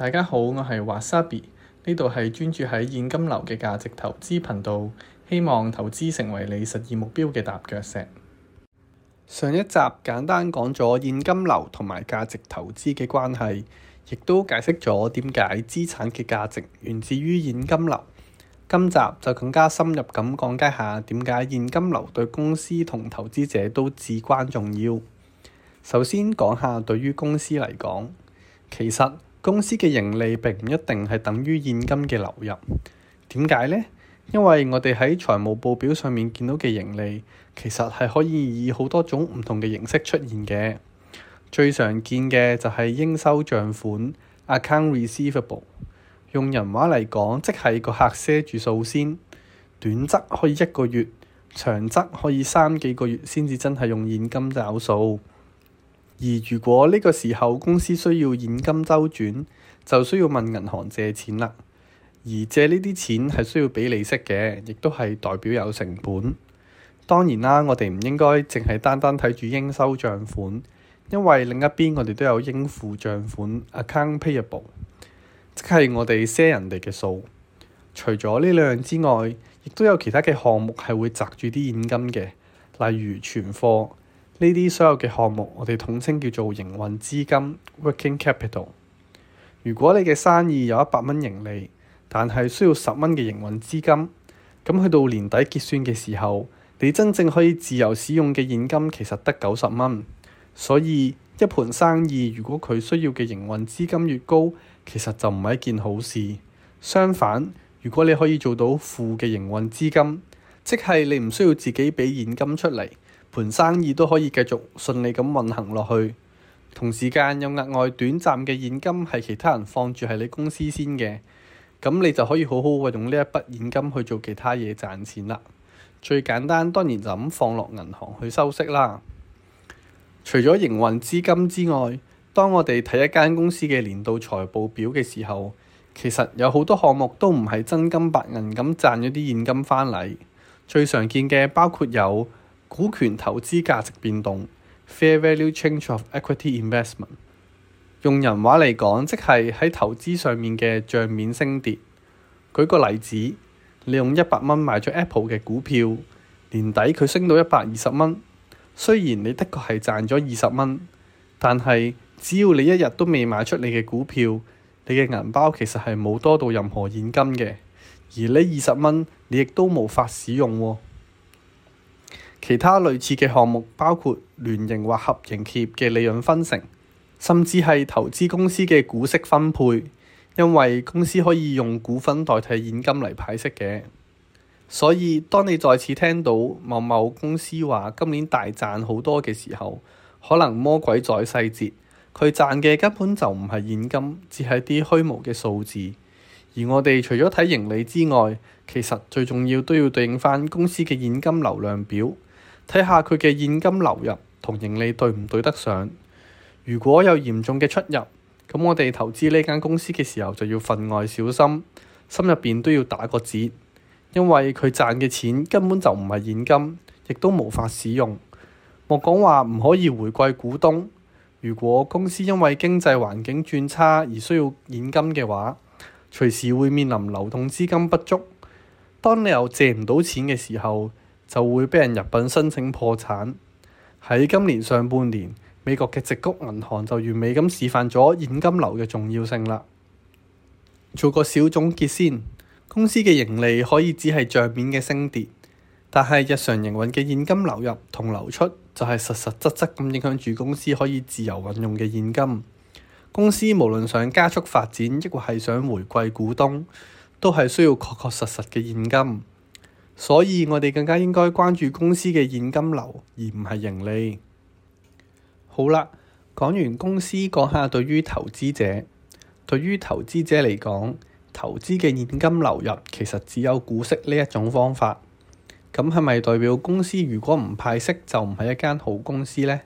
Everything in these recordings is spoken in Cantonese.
大家好，我係 Wasabi，呢度係專注喺現金流嘅價值投資頻道，希望投資成為你實現目標嘅踏腳石。上一集簡單講咗現金流同埋價值投資嘅關係，亦都解釋咗點解資產嘅價值源自於現金流。今集就更加深入咁講解下點解現金流對公司同投資者都至關重要。首先講下對於公司嚟講，其實。公司嘅盈利並唔一定係等於現金嘅流入，點解呢？因為我哋喺財務報表上面見到嘅盈利，其實係可以以好多種唔同嘅形式出現嘅。最常見嘅就係應收帳款 （account receivable），用人話嚟講，即係個客賒住數先，短則可以一個月，長則可以三幾個月先至真係用現金找數。而如果呢個時候公司需要現金周轉，就需要問銀行借錢啦。而借呢啲錢係需要畀利息嘅，亦都係代表有成本。當然啦，我哋唔應該淨係單單睇住應收帳款，因為另一邊我哋都有應付帳款 （account payable），即係我哋賒人哋嘅數。除咗呢兩樣之外，亦都有其他嘅項目係會集住啲現金嘅，例如存貨。呢啲所有嘅項目，我哋統稱叫做營運資金 （working capital）。如果你嘅生意有一百蚊盈利，但係需要十蚊嘅營運資金，咁去到年底結算嘅時候，你真正可以自由使用嘅現金其實得九十蚊。所以一盤生意如果佢需要嘅營運資金越高，其實就唔係一件好事。相反，如果你可以做到負嘅營運資金，即係你唔需要自己畀現金出嚟。盤生意都可以繼續順利咁運行落去，同時間有額外短暫嘅現金係其他人放住喺你公司先嘅，咁你就可以好好嘅用呢一筆現金去做其他嘢賺錢啦。最簡單當然就咁放落銀行去收息啦。除咗營運資金之外，當我哋睇一間公司嘅年度財報表嘅時候，其實有好多項目都唔係真金白銀咁賺咗啲現金返嚟，最常見嘅包括有。股權投資價值變動 （fair value change of equity investment），用人話嚟講，即係喺投資上面嘅帳面升跌。舉個例子，你用一百蚊買咗 Apple 嘅股票，年底佢升到一百二十蚊。雖然你的確係賺咗二十蚊，但係只要你一日都未賣出你嘅股票，你嘅銀包其實係冇多到任何現金嘅，而呢二十蚊你亦都無法使用喎、哦。其他類似嘅項目包括聯營或合營企業嘅利潤分成，甚至係投資公司嘅股息分配。因為公司可以用股份代替現金嚟派息嘅，所以當你再次聽到某某公司話今年大賺好多嘅時候，可能魔鬼在細節，佢賺嘅根本就唔係現金，只係啲虛無嘅數字。而我哋除咗睇盈利之外，其實最重要都要對應返公司嘅現金流量表。睇下佢嘅現金流入同盈利對唔對得上？如果有嚴重嘅出入，咁我哋投資呢間公司嘅時候就要分外小心，心入邊都要打個折，因為佢賺嘅錢根本就唔係現金，亦都無法使用。莫講話唔可以回饋股東，如果公司因為經濟環境轉差而需要現金嘅話，隨時會面臨流動資金不足。當你又借唔到錢嘅時候，就會被人入稟申請破產。喺今年上半年，美國嘅矽谷銀行就完美咁示範咗現金流嘅重要性啦。做個小總結先，公司嘅盈利可以只係帳面嘅升跌，但係日常營運嘅現金流入同流出就係實實質質咁影響住公司可以自由運用嘅現金。公司無論想加速發展，亦或係想回饋股東，都係需要確確實實嘅現金。所以我哋更加應該關注公司嘅現金流，而唔係盈利。好啦，講完公司，講下對於投資者。對於投資者嚟講，投資嘅現金流入其實只有股息呢一種方法。咁係咪代表公司如果唔派息，就唔係一間好公司呢？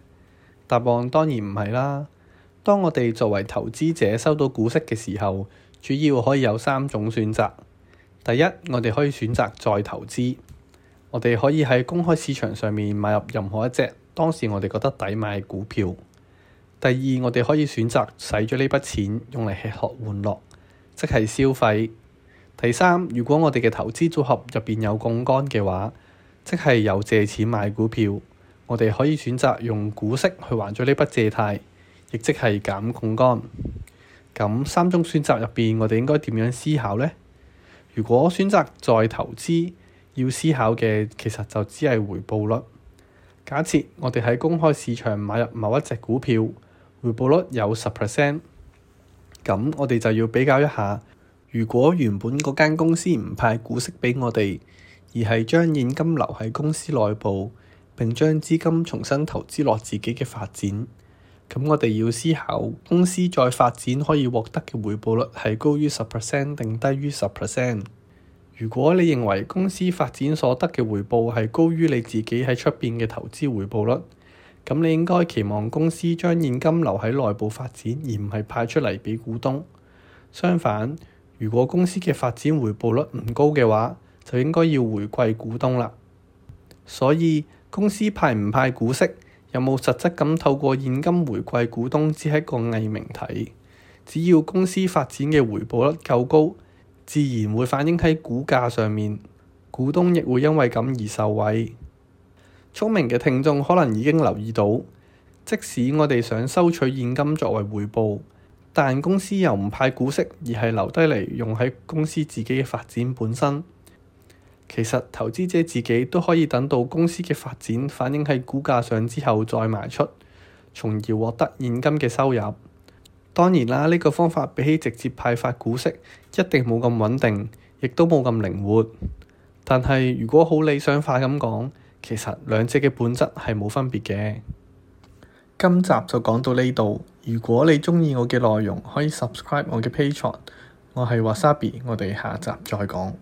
答案當然唔係啦。當我哋作為投資者收到股息嘅時候，主要可以有三種選擇。第一，我哋可以選擇再投資，我哋可以喺公開市場上面買入任何一隻當時我哋覺得抵買股票。第二，我哋可以選擇使咗呢筆錢用嚟吃喝玩樂，即係消費。第三，如果我哋嘅投資組合入邊有槓桿嘅話，即係有借錢買股票，我哋可以選擇用股息去還咗呢筆借貸，亦即係減槓桿。咁三種選擇入邊，我哋應該點樣思考咧？如果選擇再投資，要思考嘅其實就只係回報率。假設我哋喺公開市場買入某一隻股票，回報率有十 percent，咁我哋就要比較一下，如果原本嗰間公司唔派股息畀我哋，而係將現金留喺公司內部，並將資金重新投資落自己嘅發展。咁我哋要思考，公司再發展可以獲得嘅回報率係高於十 percent 定低於十 percent？如果你認為公司發展所得嘅回報係高於你自己喺出邊嘅投資回報率，咁你應該期望公司將現金留喺內部發展，而唔係派出嚟畀股東。相反，如果公司嘅發展回報率唔高嘅話，就應該要回饋股東啦。所以公司派唔派股息，有冇實質咁透過現金回饋股東，只係一個偽命題。只要公司發展嘅回報率夠高，自然會反映喺股價上面，股東亦會因為咁而受惠。聰明嘅聽眾可能已經留意到，即使我哋想收取現金作為回報，但公司又唔派股息，而係留低嚟用喺公司自己嘅發展本身。其實投資者自己都可以等到公司嘅發展反映喺股價上之後再賣出，從而獲得現金嘅收入。當然啦，呢個方法比起直接派發股息，一定冇咁穩定，亦都冇咁靈活。但係如果好理想化咁講，其實兩者嘅本質係冇分別嘅。今集就講到呢度。如果你鍾意我嘅內容，可以 subscribe 我嘅 Patreon。我係 Wasabi，我哋下集再講。